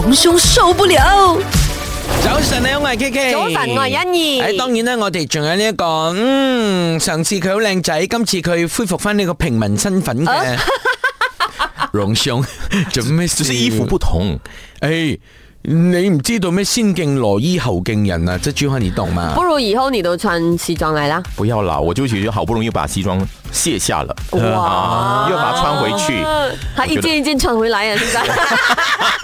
榮兄受不了。早晨啊，我係 Kiki。早晨，欣宜。誒、哎，當然啦，我哋仲有呢、這、一個，嗯，上次佢好靚仔，今次佢恢復翻呢個平民身份嘅。榮、啊、 兄做咩？即衣服不同。誒、欸，你唔知道咩先敬羅衣後敬人啊？即係返，你懂嗎？不如以後你都穿西裝嚟啦。不要啦，我就好不容易把西裝卸下了，哇，啊、又把它穿回去，它、啊、一件一件穿回來啊，應該。